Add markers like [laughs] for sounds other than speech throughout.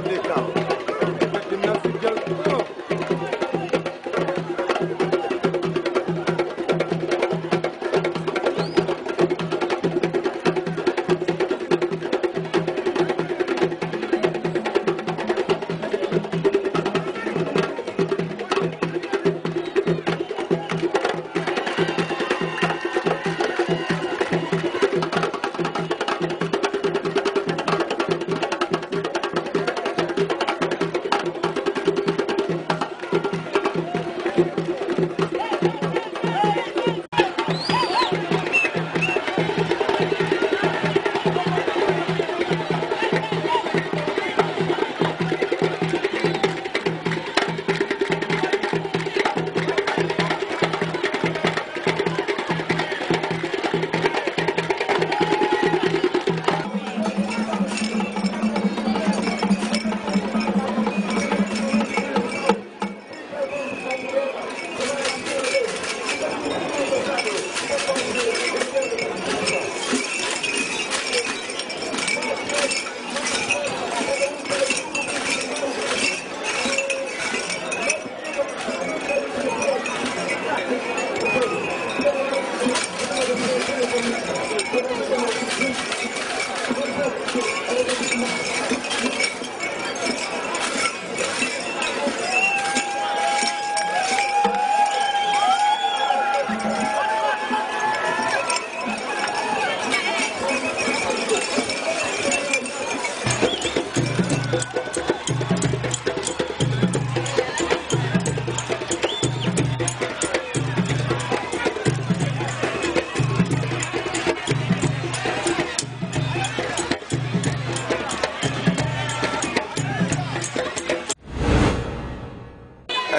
position.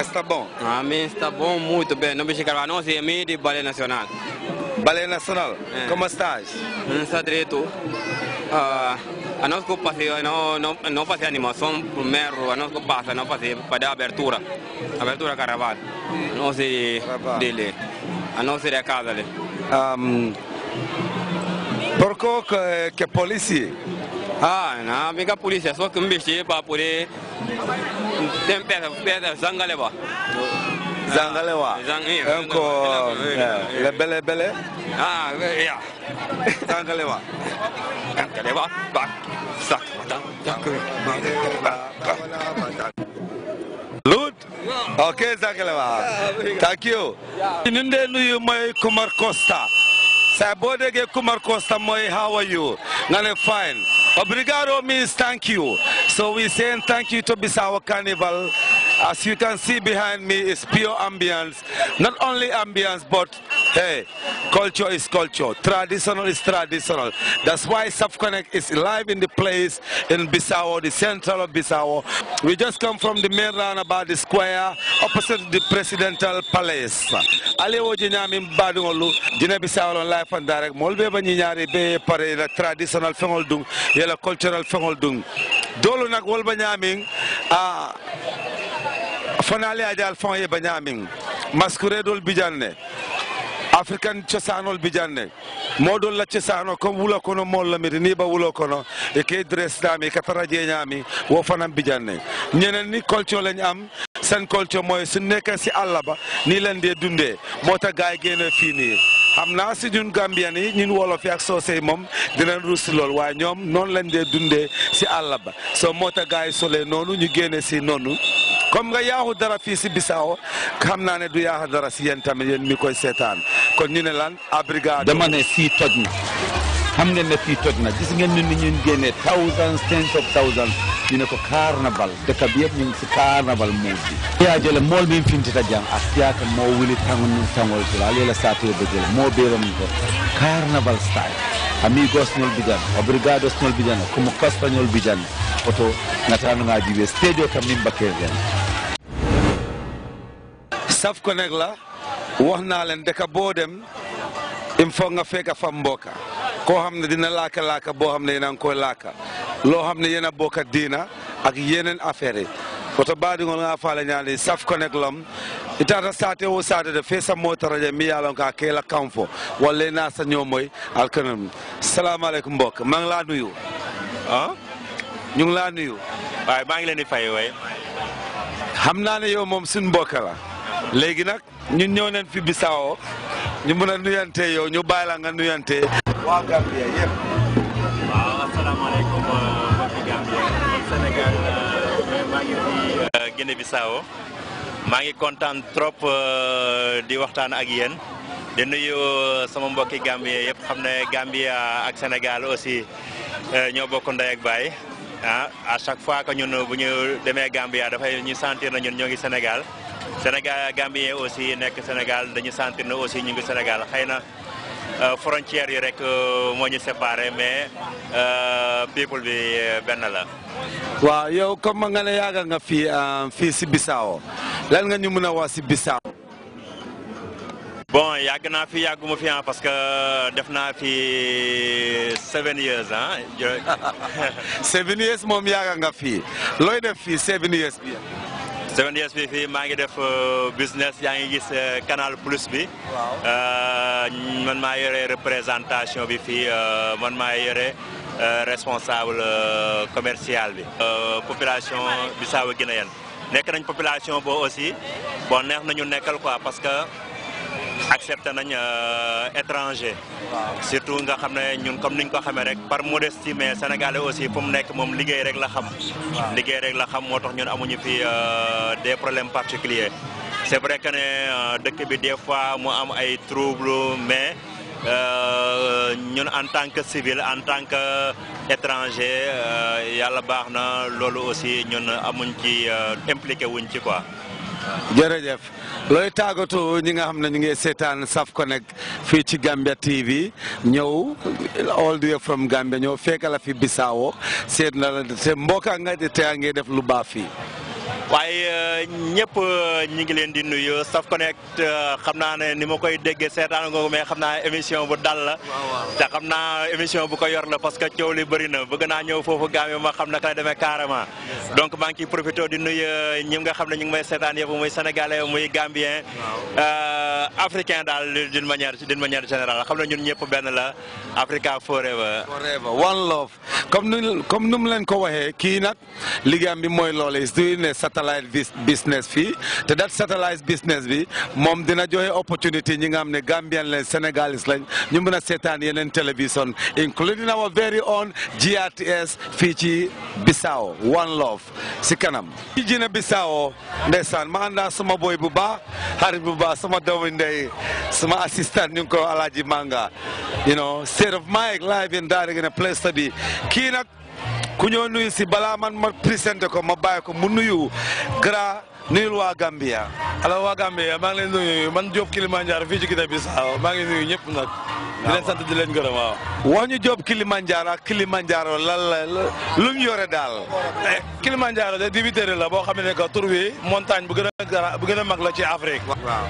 Está bom? A mim está bom, muito bem. a de Carvalho, a mim de Balé Nacional. Balé Nacional, é. como estás? Não está direito. Ah, a nós que passei, não, não, não passei animação primeiro, a nós que passa, não passei para a abertura. Abertura caravana, Não sei dele. A não ser a casa ali. Um, por que, que polícia? Ah, não, amiga polícia, só que me chique para poder den pere pere Zangalewa. Zangalewa. Ah, Zangalewa. Eh, Encore yeah. Eh, lebele bele. Ah eh, yeah. Zangalewa. Zangalewa. Back. Sack. Lut. Ok Zangalewa. Thank you. ñun de nuyu mooy Kumar Costa. saa boo déggee Kumar Costa mooy how are you nga ne fine. Obrigado means thank you. So we're saying thank you to Bissau Carnival. As you can see behind me is pure ambience. Not only ambience, but Hey, culture is culture. Traditional is traditional. That's why SubConnect is live in the place in Bissau, the central of Bissau. We just come from the main roundabout, the square, opposite the presidential palace. Aliwo jinyami badungolu, jine Bissau on live and direct. Molbe ba nyinyari be pare la traditional fengol dung, yela cultural fengol dung. Dolo nak wolba nyaming, ah, fanale ajal fong ye banyamin. Maskuredol bijanne. african cosanol bijanne moɗon lacce sano comme wuula kono mollamiri ni ba wuula kono e ke dresnami e ka tara woo wo fanan bijanne ñeneen ni culture lañ am seen culture mooy su nekk si àll ba nii leen dee dundee moo tax gaay génne fii nii xam naa si ñun Gambian ñun wolof yi ak soose moom dinañ ruus lool waaye ñoom noonu lañ dee dundee si àll ba soo moo tax solee noonu ñu génne si noonu comme nga yaaxu dara fii si Bissau xam naa ne du yaaxu dara si yéen tamit yéen mi koy seetaan kon ñu ne lan abrigado dama ne fii toj na xam ngeen ne fii toj na gis ngeen ni ni ñun génnee thousands tens of thousands ñu ne ko carnaval dëkk bi yëpp ñu ngi si carnaval mood bi yaa jële mool min fintita jang a siyaaka moo wili tango ñun tangol tula ali la saatee be jële moo beeram ko carnaval style amigos ñol bijan obrigados ñol bijan como costa ñol bijan oto ngatano ngaji we stadio kam min bakkeen saf connect la wax naa leen dëkk boo dem il faut nga fekk fa mbokk koo xam ne dina laaka laaka boo xam ne yéen a ngi koy laaka loo xam ne yéen a bokk diina ak yeneen affaire yi woto baɗigol ga faala ñaali saf connect lom itata sate wo satede fe sammo taraje mi yalon ka keela kam fo walla na saño moy alkanam salamu aleykum mbokk maa ngi laa nuyu ah ñu ngi laa nuyu waaye maa ngi leen di fay way naa ne yow moom suñ mbokk la léegi nag ñun ñëw nañ fi Bissau ñu mën a nuyante yow ñu bàyyi la nga nuyante waa euh, euh, maa ngi euh, Bissau maa ngi kontaan trop di waxtaan ak yéen di nuyu sama mbokki Gambia yëpp xam ne Gambia ak Sénégal aussi ñoo bokk ndey ak baay a ah, à chaque fois que ñun bu ñu demee Gambia dafay ñu sentir na ñun ñoo ngi Sénégal Sénégal Gambie aussi nek Sénégal dañu sentir no aussi ñu ngi Sénégal xeyna na euh, frontières yi rek euh, mo ñu séparer mais euh, people bi ben la. wa yow comme nga ne yaga nga fi fi ci Bissau lan nga ñu mën a wax si Bissau. bon yàgg naa fi yàgguma fi ah parce que def naa fi seven years ah. [laughs] seven years moom yàgg nga fi looy def fii seven years bi. 7S bi fii maa ngi def euh, business yaa ngi gis euh, Canal Plus bi. Euh, man maa yore représentation bi fii man maa yore responsable commercial bi. population Bissau Guinéenne nekk nañ population boo aussi bon neex nañu nekkal quoi parce que. accepté nañ euh, étranger surtout nga xam ne ñun comme niñ ko xamee rek par modestie mais sénégalais aussi fu mu nekk moom liggéey rek la xam liggéey rek la xam moo tax ñun amuñu fi euh, des problèmes particuliers c'est vrai que ne euh, dëkk bi des fois mu am ay trouble mais ñun en tant que civil en tant que étranger yàlla baax na loolu aussi ñun amuñ ci impliqué wuñ ci quoi jërëjëf looy tàggatoo ñi nga xam ne ñu ngi seetaan Saf Connect fii ci Gambia TV ñëw all the way from Gambia ñëw fekkala fi Bissau seet na la te mbokk nga te a ngi def lu baax fii. waaye euh, ñëpp euh, ñu ngi leen di nuyu Saf Connect euh, xam naa ne ni ma koy déggee seetaan nga ko mais xam naa émission bu dal la te xam naa émission bu ko yor la parce que coow li bëri na bëgg naa ñëw foofu gaam ma xam na la demee carrément donc maa ngi ciy profité di nuyu ñi nga xam ne ñu ngi may seetaan yëpp muy sénégalais muy gambien Euh, africain daal d'une manière d'une xam na ñun ñëpp benn la Africa forever. one love comme nu comme leen ko waxee kii nag liggéeyam bi mooy loolu is doing a satellite business fii te that satellite business bi moom dina joxe opportunity ñi nga xam ne Gambien lañ Sénégalais lañ ñu mën a seetaan yeneen télévision including our very own GRTS fii ci Bissau one love si kanam. ci Guinée Bissau ndeysaan ma àndaa sama boy bu baax xarit bu baax Ndeye sama assistant ñu ngi ko Alaaji Manga you know state of mind live in daara gën a place to kii nag ku ñoo nuyu si balaa man ma présenté ko ma bàyyi ko mu nuyu Kara nuyul waa Gambia. alors waa Gambia maa ngi leen nuyu man Diop Kilimanjaro fii ci Guinée maa ngi nuyu ñëpp nag. di leen sant di leen gërëm waaw. wax ñu Diop Kilimanjaro ak Kilimanjaro lan la lu ñu daal. Eh, Kilimanjaro de dibiterie la boo xam ne que tur bi montagne bu gën a bu gën a mag la ci Afrique.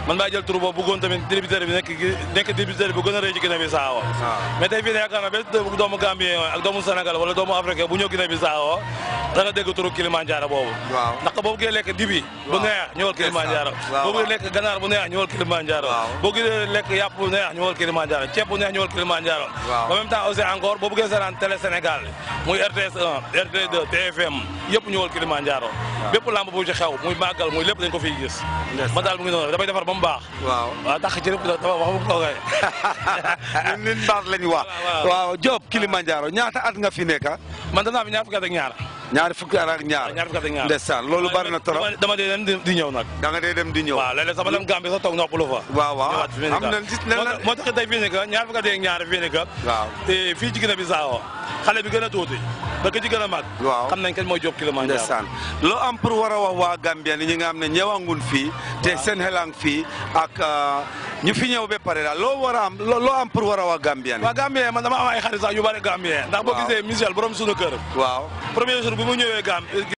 man maa jël tur boobu bëggoon tamit dibiterie bi nekk nekk dibiterie bu gën a rëy ci Guinée Bissau mais tey fii ne yaakaar naa doomu Gambien ak doomu Sénégal wala doomu Afrique bu ñëw Guinée Bissau da nga dégg turu Kilimanjaro boobu. waaw ndax boobu ngay lekk dibi. bu neex ñëwal Kilimanjaro. boobu ngay lekk ganaar bu neex ñëwal Kilimanjaro. neex ñëwal Kilimanjaro en même temps aussi encore boo bëggee seetaan télé Sénégal muy RTS 1 TFM yëpp ñëwal Kilimanjaro bépp lamb bu ci xew muy màggal muy lépp dañ ko fiy gis ma daal mu ngi noonu damay defar ba mu baax waaw waaw tax ci rëpp dafa wax mu kookay [laughs] ñun nit baax lañ wax waaw Kilimanjaro ñaata at nga fi nekk man danaa fi ñaar fukki at ak ñaar ñaari fukki ñaar ndeysaan loolu bari na trop dama dee dem di ñëw nag da nga dee dem di ñëw waaw léeg Gambie sax toog noppalu fa waaw waaw am na moo tax fii ni que fii ni waaw te fii ci Guinée Bissau xale bi gën a tuuti ba ki ci a mag waaw xam nañ kañ mooy Diop Kilimanjaro ndeysaan loo am pour war a wax waa Gambien ñi nga xam ne ñëwangun fi te seen xelang fii ak euh, ñu fi ñëw ba pare la loo war a loo am pour war a Gambien waaw Gambien man dama ay xarit sax yu bari Gambien ndax boo gisee Michel borom suñu kër waaw premier jour bi mu ñëwee Gambie